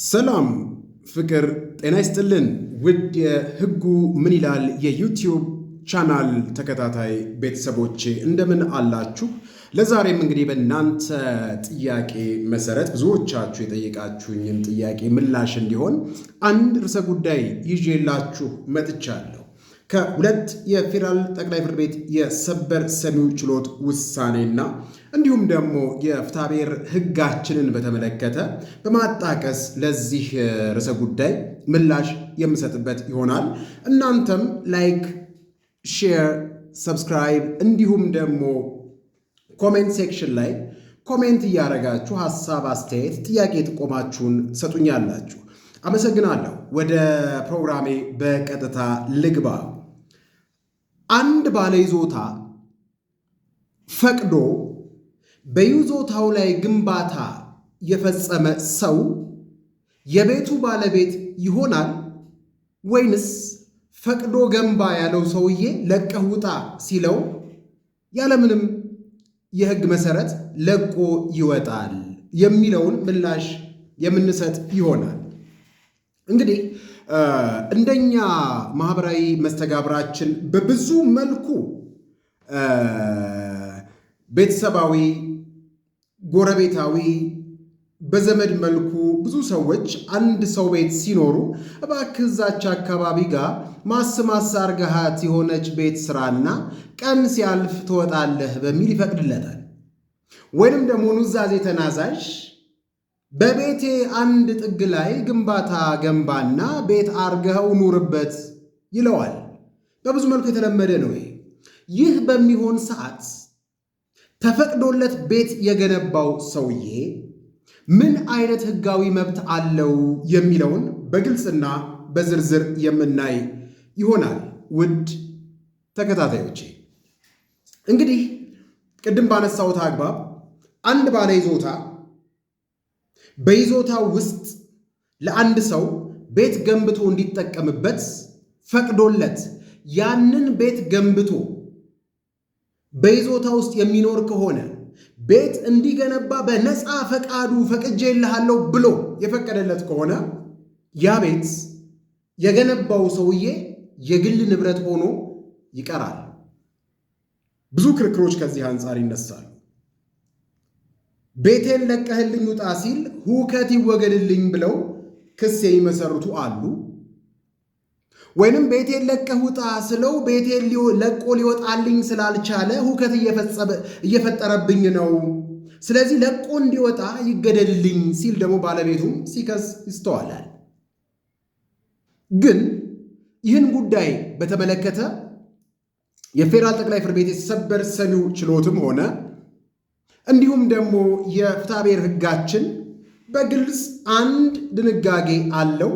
ሰላም ፍቅር ጤና ይስጥልን። ውድ የህጉ ምን ይላል የዩቲዩብ ቻናል ተከታታይ ቤተሰቦቼ እንደምን አላችሁ? ለዛሬም እንግዲህ በእናንተ ጥያቄ መሰረት ብዙዎቻችሁ የጠየቃችሁኝን ጥያቄ ምላሽ እንዲሆን አንድ ርዕሰ ጉዳይ ይዤላችሁ መጥቻለሁ። ከሁለት የፌዴራል ጠቅላይ ፍርድ ቤት የሰበር ሰሚው ችሎት ውሳኔና እንዲሁም ደግሞ የፍትሐብሔር ሕጋችንን በተመለከተ በማጣቀስ ለዚህ ርዕሰ ጉዳይ ምላሽ የምሰጥበት ይሆናል። እናንተም ላይክ፣ ሼር፣ ሰብስክራይብ እንዲሁም ደግሞ ኮሜንት ሴክሽን ላይ ኮሜንት እያደረጋችሁ ሀሳብ፣ አስተያየት፣ ጥያቄ ጥቆማችሁን ትሰጡኛላችሁ። አመሰግናለሁ። ወደ ፕሮግራሜ በቀጥታ ልግባ። አንድ ባለይዞታ ፈቅዶ በይዞታው ላይ ግንባታ የፈጸመ ሰው የቤቱ ባለቤት ይሆናል ወይንስ ፈቅዶ ገንባ ያለው ሰውዬ ለቀህ ውጣ ሲለው ያለምንም የሕግ መሰረት ለቆ ይወጣል የሚለውን ምላሽ የምንሰጥ ይሆናል። እንግዲህ እንደኛ ማህበራዊ መስተጋብራችን በብዙ መልኩ ቤተሰባዊ፣ ጎረቤታዊ፣ በዘመድ መልኩ ብዙ ሰዎች አንድ ሰው ቤት ሲኖሩ እባክህ እዛች አካባቢ ጋር ማስ አርገሃት የሆነች ቤት ስራና ቀን ሲያልፍ ትወጣለህ በሚል ይፈቅድለታል። ወይንም ደግሞ ኑዛዜ ተናዛዥ በቤቴ አንድ ጥግ ላይ ግንባታ ገንባና ቤት አርገኸው ኑርበት ይለዋል። በብዙ መልኩ የተለመደ ነው። ይሄ ይህ በሚሆን ሰዓት ተፈቅዶለት ቤት የገነባው ሰውዬ ምን አይነት ሕጋዊ መብት አለው የሚለውን በግልጽና በዝርዝር የምናይ ይሆናል። ውድ ተከታታዮቼ እንግዲህ ቅድም ባነሳሁት አግባብ አንድ ባለ ይዞታ በይዞታው ውስጥ ለአንድ ሰው ቤት ገንብቶ እንዲጠቀምበት ፈቅዶለት ያንን ቤት ገንብቶ በይዞታ ውስጥ የሚኖር ከሆነ ቤት እንዲገነባ በነፃ ፈቃዱ ፈቅጄልሃለሁ ብሎ የፈቀደለት ከሆነ ያ ቤት የገነባው ሰውዬ የግል ንብረት ሆኖ ይቀራል። ብዙ ክርክሮች ከዚህ አንጻር ይነሳሉ። ቤቴን ለቀህልኝ ውጣ ሲል ሁከት ይወገድልኝ ብለው ክስ የሚመሰርቱ አሉ። ወይንም ቤቴን ለቀህ ውጣ ስለው ቤቴን ለቆ ሊወጣልኝ ስላልቻለ ሁከት እየፈጠረብኝ ነው፣ ስለዚህ ለቆ እንዲወጣ ይገደልልኝ ሲል ደግሞ ባለቤቱም ሲከስ ይስተዋላል። ግን ይህን ጉዳይ በተመለከተ የፌዴራል ጠቅላይ ፍርድ ቤት የሰበር ሰሚው ችሎትም ሆነ እንዲሁም ደግሞ የፍትሐብሔር ሕጋችን በግልጽ አንድ ድንጋጌ አለው።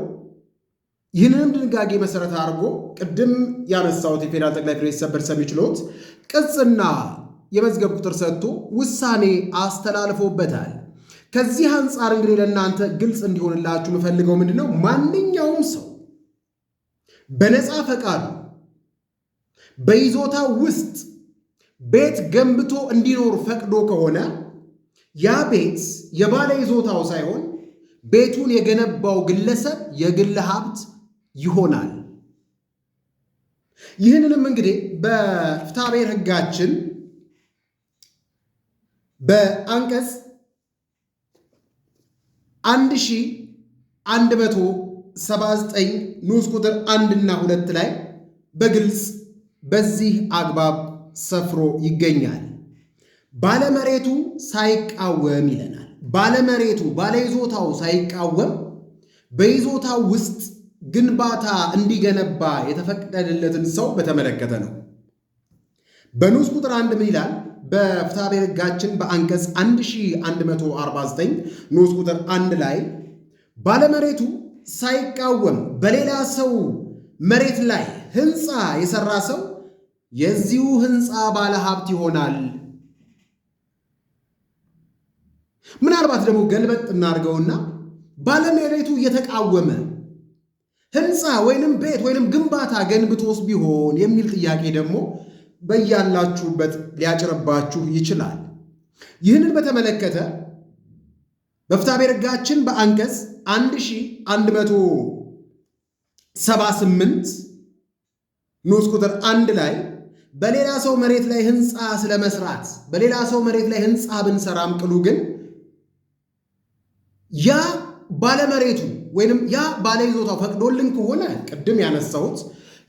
ይህንንም ድንጋጌ መሰረት አድርጎ ቅድም ያነሳሁት የፌዴራል ጠቅላይ ፍርድ ቤት ሰበር ሰሚ ችሎት ቅጽና የመዝገብ ቁጥር ሰጥቶ ውሳኔ አስተላልፎበታል። ከዚህ አንጻር እንግዲህ ለእናንተ ግልጽ እንዲሆንላችሁ የምፈልገው ምንድን ነው? ማንኛውም ሰው በነፃ ፈቃዱ በይዞታ ውስጥ ቤት ገንብቶ እንዲኖር ፈቅዶ ከሆነ ያ ቤት የባለ ይዞታው ሳይሆን ቤቱን የገነባው ግለሰብ የግል ሀብት ይሆናል። ይህንንም እንግዲህ በፍትሐብሔር ሕጋችን በአንቀጽ 1179 ንዑስ ቁጥር አንድና ሁለት ላይ በግልጽ በዚህ አግባብ ሰፍሮ ይገኛል። ባለመሬቱ ሳይቃወም ይለናል። ባለመሬቱ ባለይዞታው ሳይቃወም በይዞታው ውስጥ ግንባታ እንዲገነባ የተፈቀደለትን ሰው በተመለከተ ነው። በንዑስ ቁጥር አንድ ምን ይላል? በፍትሐብሔር ሕጋችን በአንቀጽ 1149 ንዑስ ቁጥር አንድ ላይ ባለመሬቱ ሳይቃወም በሌላ ሰው መሬት ላይ ሕንፃ የሰራ ሰው የዚሁ ህንፃ ባለሀብት ይሆናል። ምናልባት ደግሞ ገልበጥ እናድርገውና ባለመሬቱ እየተቃወመ ህንፃ ወይንም ቤት ወይንም ግንባታ ገንብቶስ ቢሆን የሚል ጥያቄ ደግሞ በያላችሁበት ሊያጭርባችሁ ይችላል። ይህንን በተመለከተ በፍትሐብሔር ሕጋችን በአንቀጽ 1178 ንዑስ ቁጥር አንድ ላይ በሌላ ሰው መሬት ላይ ህንፃ ስለመስራት በሌላ ሰው መሬት ላይ ህንፃ ብንሰራም ቅሉ ግን ያ ባለመሬቱ ወይንም ያ ባለይዞታው ፈቅዶልን ከሆነ ቅድም ያነሳሁት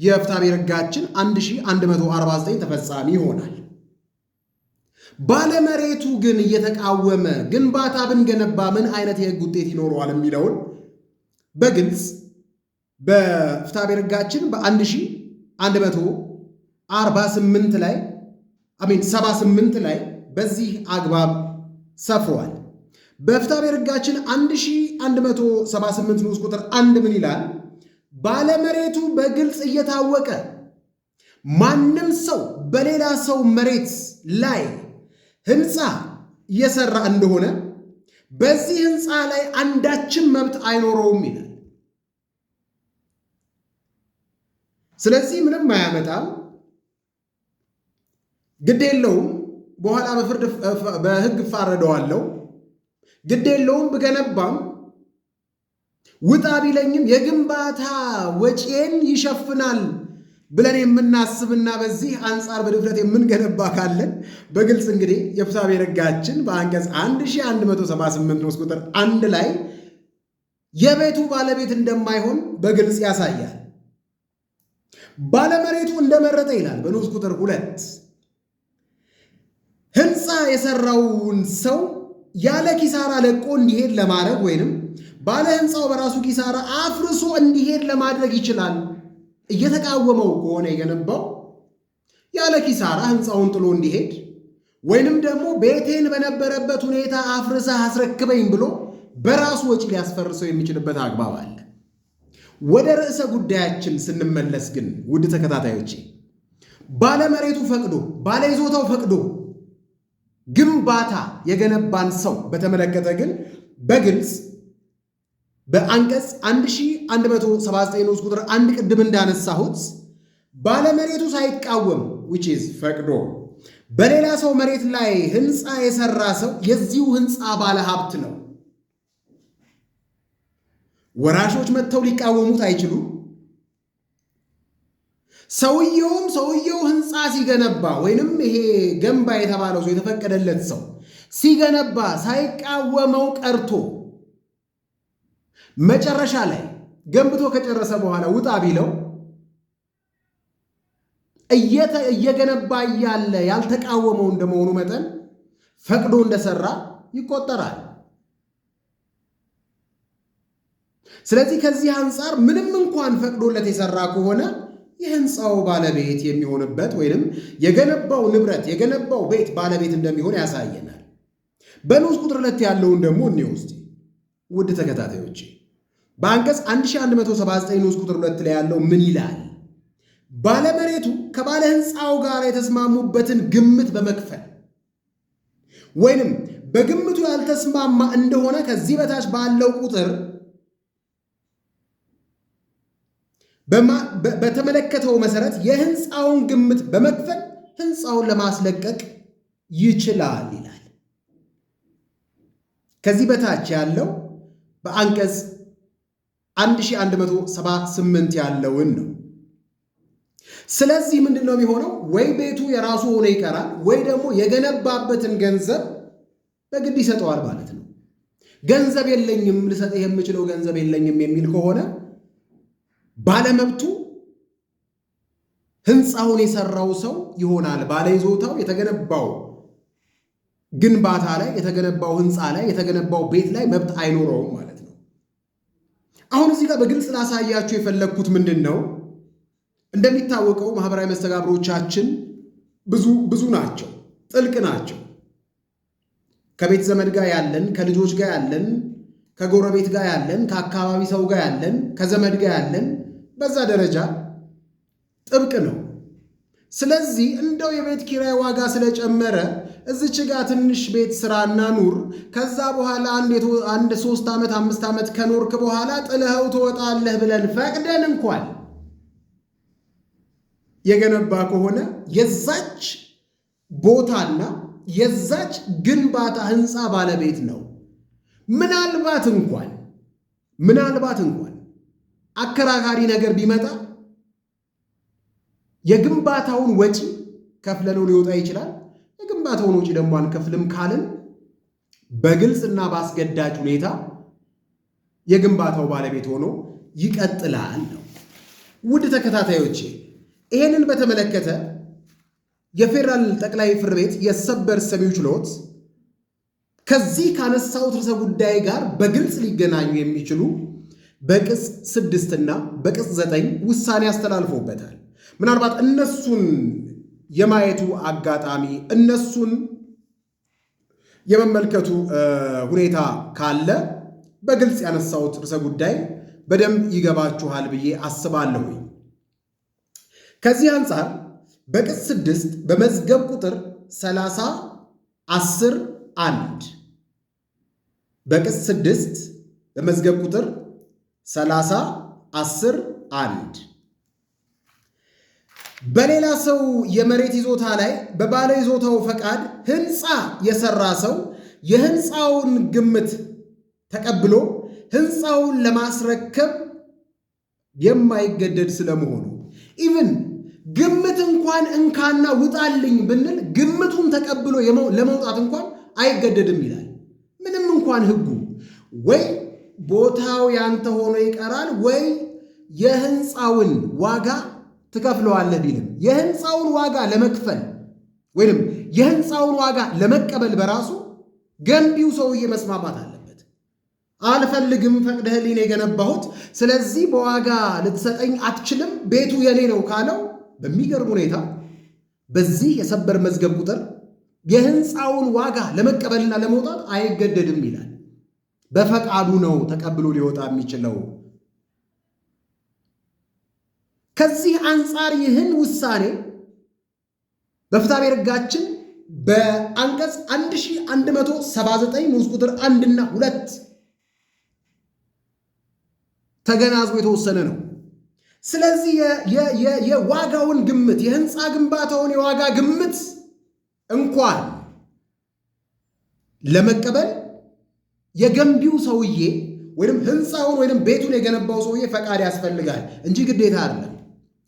የፍትሐብሔር ሕጋችን 1149 ተፈጻሚ ይሆናል። ባለመሬቱ ግን እየተቃወመ ግንባታ ብንገነባ ምን አይነት የህግ ውጤት ይኖረዋል የሚለውን በግልጽ በፍትሐብሔር ሕጋችን በ1100 48 ላይ አሜን 78 ላይ በዚህ አግባብ ሰፍሯል። በፍትሐብሔር ሕጋችን 1178 ንዑስ ቁጥር አንድ ምን ይላል? ባለመሬቱ በግልጽ እየታወቀ ማንም ሰው በሌላ ሰው መሬት ላይ ህንፃ እየሰራ እንደሆነ በዚህ ህንፃ ላይ አንዳችን መብት አይኖረውም ይላል። ስለዚህ ምንም አያመጣም። ግድ የለውም፣ በኋላ በፍርድ በህግ እፋረደዋለሁ። ግድ የለውም፣ ብገነባም ውጣ ቢለኝም የግንባታ ወጪን ይሸፍናል ብለን የምናስብና በዚህ አንጻር በድፍረት የምንገነባ ካለን በግልጽ እንግዲህ የፍትሐብሔር ሕጋችን በአንቀጽ 1178 ንዑስ ቁጥር አንድ ላይ የቤቱ ባለቤት እንደማይሆን በግልጽ ያሳያል። ባለመሬቱ እንደመረጠ ይላል በንዑስ ቁጥር ሁለት ህንፃ የሰራውን ሰው ያለ ኪሳራ ለቆ እንዲሄድ ለማድረግ ወይንም ባለ ህንፃው በራሱ ኪሳራ አፍርሶ እንዲሄድ ለማድረግ ይችላል። እየተቃወመው ከሆነ የገነባው ያለ ኪሳራ ህንፃውን ጥሎ እንዲሄድ ወይንም ደግሞ ቤቴን በነበረበት ሁኔታ አፍርሰህ አስረክበኝ ብሎ በራሱ ወጪ ሊያስፈርሰው የሚችልበት አግባብ አለ። ወደ ርዕሰ ጉዳያችን ስንመለስ ግን ውድ ተከታታዮቼ ባለመሬቱ ፈቅዶ ባለይዞታው ፈቅዶ ግንባታ የገነባን ሰው በተመለከተ ግን በግልጽ በአንቀጽ 1179 ንዑስ ቁጥር አንድ ቅድም እንዳነሳሁት ባለመሬቱ ሳይቃወም ዊችዝ ፈቅዶ በሌላ ሰው መሬት ላይ ህንፃ የሰራ ሰው የዚሁ ህንፃ ባለሀብት ነው። ወራሾች መጥተው ሊቃወሙት አይችሉም። ሰውየውም ሰውየው ህንፃ ሲገነባ ወይንም ይሄ ገንባ የተባለው ሰው የተፈቀደለት ሰው ሲገነባ ሳይቃወመው ቀርቶ መጨረሻ ላይ ገንብቶ ከጨረሰ በኋላ ውጣ ቢለው እየገነባ እያለ ያልተቃወመው እንደመሆኑ መጠን ፈቅዶ እንደሰራ ይቆጠራል። ስለዚህ ከዚህ አንጻር ምንም እንኳን ፈቅዶለት የሰራ ከሆነ የህንፃው ባለቤት የሚሆንበት ወይንም የገነባው ንብረት የገነባው ቤት ባለቤት እንደሚሆን ያሳየናል። በንዑስ ቁጥር ሁለት ያለውን ደግሞ እኔ ውስጥ ውድ ተከታታዮች በአንቀጽ 1179 ንዑስ ቁጥር ሁለት ላይ ያለው ምን ይላል? ባለመሬቱ ከባለ ህንፃው ጋር የተስማሙበትን ግምት በመክፈል ወይንም በግምቱ ያልተስማማ እንደሆነ ከዚህ በታች ባለው ቁጥር በተመለከተው መሰረት የህንፃውን ግምት በመክፈል ህንፃውን ለማስለቀቅ ይችላል ይላል። ከዚህ በታች ያለው በአንቀጽ 1178 ያለውን ነው። ስለዚህ ምንድን ነው የሚሆነው? ወይ ቤቱ የራሱ ሆኖ ይቀራል፣ ወይ ደግሞ የገነባበትን ገንዘብ በግድ ይሰጠዋል ማለት ነው። ገንዘብ የለኝም፣ ልሰጥህ የምችለው ገንዘብ የለኝም የሚል ከሆነ ባለመብቱ ህንፃውን የሰራው ሰው ይሆናል። ባለይዞታው የተገነባው ግንባታ ላይ የተገነባው ህንፃ ላይ የተገነባው ቤት ላይ መብት አይኖረውም ማለት ነው። አሁን እዚህ ጋር በግልጽ ላሳያችሁ የፈለግኩት ምንድን ነው፣ እንደሚታወቀው ማህበራዊ መስተጋብሮቻችን ብዙ ብዙ ናቸው፣ ጥልቅ ናቸው። ከቤት ዘመድ ጋር ያለን፣ ከልጆች ጋር ያለን፣ ከጎረቤት ጋር ያለን፣ ከአካባቢ ሰው ጋር ያለን፣ ከዘመድ ጋር ያለን በዛ ደረጃ ጥብቅ ነው። ስለዚህ እንደው የቤት ኪራይ ዋጋ ስለጨመረ እዚች ጋ ትንሽ ቤት ስራና ኑር። ከዛ በኋላ አንድ ሶስት ዓመት አምስት ዓመት ከኖርክ በኋላ ጥለኸው ትወጣለህ ብለን ፈቅደን እንኳን የገነባ ከሆነ የዛች ቦታና የዛች ግንባታ ህንፃ ባለቤት ነው። ምናልባት እንኳን ምናልባት እንኳን አከራካሪ ነገር ቢመጣ የግንባታውን ወጪ ከፍለነው ሊወጣ ይችላል። የግንባታውን ወጪ ደግሞ አንከፍልም ካልን በግልጽና በአስገዳጅ ሁኔታ የግንባታው ባለቤት ሆኖ ይቀጥላል ነው። ውድ ተከታታዮቼ ይህንን በተመለከተ የፌዴራል ጠቅላይ ፍርድ ቤት የሰበር ሰሚው ችሎት ከዚህ ካነሳሁት ርዕሰ ጉዳይ ጋር በግልጽ ሊገናኙ የሚችሉ በቅጽ ስድስትና በቅጽ ዘጠኝ ውሳኔ አስተላልፎበታል። ምናልባት እነሱን የማየቱ አጋጣሚ እነሱን የመመልከቱ ሁኔታ ካለ በግልጽ ያነሳሁት ርዕሰ ጉዳይ በደንብ ይገባችኋል ብዬ አስባለሁ። ከዚህ አንጻር በቅጽ ስድስት በመዝገብ ቁጥር 30 10 አንድ በቅጽ ስድስት በመዝገብ ቁጥር ሰላሳ አስር አንድ በሌላ ሰው የመሬት ይዞታ ላይ በባለ ይዞታው ፈቃድ ህንፃ የሰራ ሰው የህንፃውን ግምት ተቀብሎ ህንፃውን ለማስረከብ የማይገደድ ስለመሆኑ ኢቭን ግምት እንኳን እንካና ውጣልኝ ብንል ግምቱን ተቀብሎ ለመውጣት እንኳን አይገደድም ይላል። ምንም እንኳን ህጉ ወይ ቦታው ያንተ ሆኖ ይቀራል ወይ የህንፃውን ዋጋ ትከፍለዋለህ ቢልም የህንፃውን ዋጋ ለመክፈል ወይም የህንፃውን ዋጋ ለመቀበል በራሱ ገንቢው ሰውዬ መስማማት አለበት። አልፈልግም፣ ፈቅደህልኝ ነው የገነባሁት፣ ስለዚህ በዋጋ ልትሰጠኝ አትችልም፣ ቤቱ የኔ ነው ካለው በሚገርም ሁኔታ በዚህ የሰበር መዝገብ ቁጥር የህንፃውን ዋጋ ለመቀበልና ለመውጣት አይገደድም ይላል። በፈቃዱ ነው ተቀብሎ ሊወጣ የሚችለው። ከዚህ አንጻር ይህን ውሳኔ በፍታ ሕጋችን በአንቀጽ 1179 ንዑስ ቁጥር አንድና ሁለት ተገናዝቦ የተወሰነ ነው። ስለዚህ የዋጋውን ግምት የህንፃ ግንባታውን የዋጋ ግምት እንኳን ለመቀበል የገንቢው ሰውዬ ወይም ህንፃውን ወይም ቤቱን የገነባው ሰውዬ ፈቃድ ያስፈልጋል እንጂ ግዴታ አይደለም።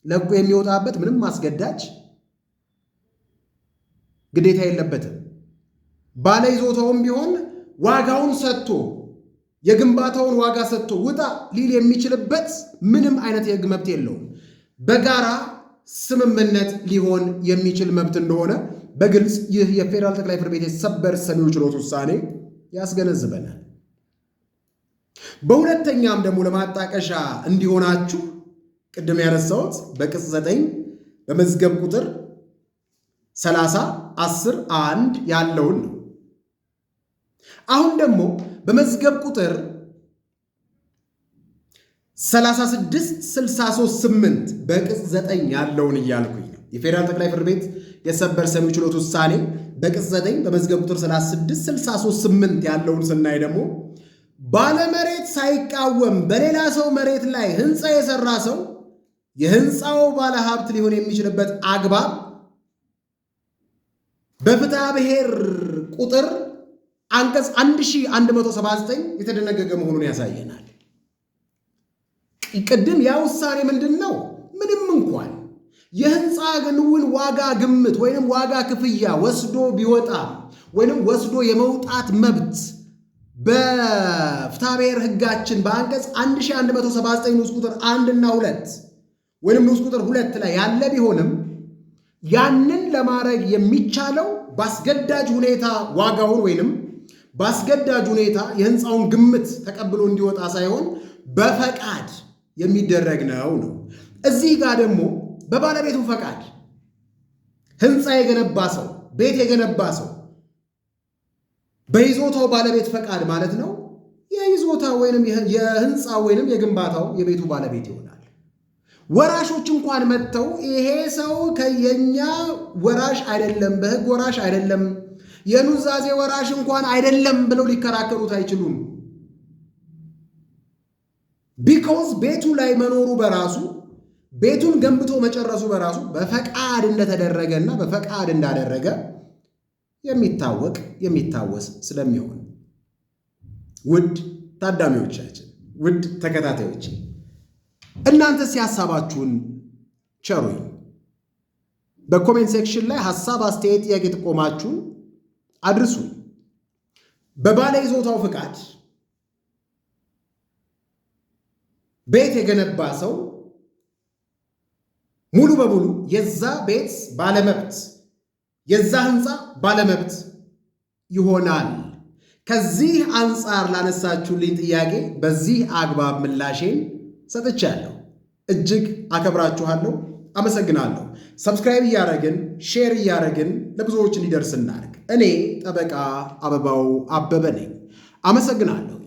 ለቆ የሚወጣበት ምንም ማስገዳጅ ግዴታ የለበትም። ባለ ይዞታውም ቢሆን ዋጋውን ሰጥቶ የግንባታውን ዋጋ ሰጥቶ ውጣ ሊል የሚችልበት ምንም አይነት የህግ መብት የለውም። በጋራ ስምምነት ሊሆን የሚችል መብት እንደሆነ በግልጽ ይህ የፌዴራል ጠቅላይ ፍርድ ቤት የሰበር ሰሚው ችሎት ውሳኔ ያስገነዝበናል። በሁለተኛም ደግሞ ለማጣቀሻ እንዲሆናችሁ ቅድም ያነሳሁት በቅጽ 9 በመዝገብ ቁጥር 30 10 1 ያለውን ነው። አሁን ደግሞ በመዝገብ ቁጥር 36 63 8 በቅጽ 9 ያለውን እያልኩኝ ነው። የፌዴራል ጠቅላይ ፍርድ ቤት የሰበር ሰሚ ችሎት ውሳኔ በቅጽ 9 በመዝገብ ቁጥር 36338 ያለውን ስናይ ደግሞ ባለመሬት ሳይቃወም በሌላ ሰው መሬት ላይ ህንፃ የሰራ ሰው የህንፃው ባለሀብት ሊሆን የሚችልበት አግባብ በፍትሐ ብሔር ቁጥር አንቀጽ 1179 የተደነገገ መሆኑን ያሳየናል። ቅድም ያ ውሳኔ ምንድን ነው? ምንም እንኳን የህንፃ ግንውን ዋጋ ግምት ወይንም ዋጋ ክፍያ ወስዶ ቢወጣ ወይንም ወስዶ የመውጣት መብት በፍትሐብሔር ህጋችን በአንቀጽ 1179 ንዑስ ቁጥር 1 እና 2 ወይንም ንዑስ ቁጥር 2 ላይ ያለ ቢሆንም ያንን ለማድረግ የሚቻለው በአስገዳጅ ሁኔታ ዋጋውን ወይንም በአስገዳጅ ሁኔታ የህንፃውን ግምት ተቀብሎ እንዲወጣ ሳይሆን በፈቃድ የሚደረግ ነው ነው። እዚህ ጋር ደግሞ በባለቤቱ ፈቃድ ህንፃ የገነባ ሰው ቤት የገነባ ሰው በይዞታው ባለቤት ፈቃድ ማለት ነው። የይዞታ ወይንም የህንፃ ወይንም የግንባታው የቤቱ ባለቤት ይሆናል። ወራሾች እንኳን መጥተው ይሄ ሰው ከየኛ ወራሽ አይደለም፣ በህግ ወራሽ አይደለም፣ የኑዛዜ ወራሽ እንኳን አይደለም ብለው ሊከራከሩት አይችሉም። ቢኮዝ ቤቱ ላይ መኖሩ በራሱ ቤቱን ገንብቶ መጨረሱ በራሱ በፈቃድ እንደተደረገ እና በፈቃድ እንዳደረገ የሚታወቅ የሚታወስ ስለሚሆን ውድ ታዳሚዎቻችን፣ ውድ ተከታታዮች እናንተስ ሲያሳባችሁን ቸሩኝ። በኮሜንት ሴክሽን ላይ ሀሳብ፣ አስተያየት፣ ጥያቄ ጥቆማችሁን አድርሱ። በባለ ይዞታው ፍቃድ ቤት የገነባ ሰው ሙሉ በሙሉ የዛ ቤት ባለመብት የዛ ህንፃ ባለመብት ይሆናል። ከዚህ አንጻር ላነሳችሁልኝ ጥያቄ በዚህ አግባብ ምላሼን ሰጥቻለሁ። እጅግ አከብራችኋለሁ። አመሰግናለሁ። ሰብስክራይብ እያደረግን ሼር እያደረግን ለብዙዎች እንዲደርስ እናድርግ። እኔ ጠበቃ አበባው አበበ ነኝ። አመሰግናለሁ።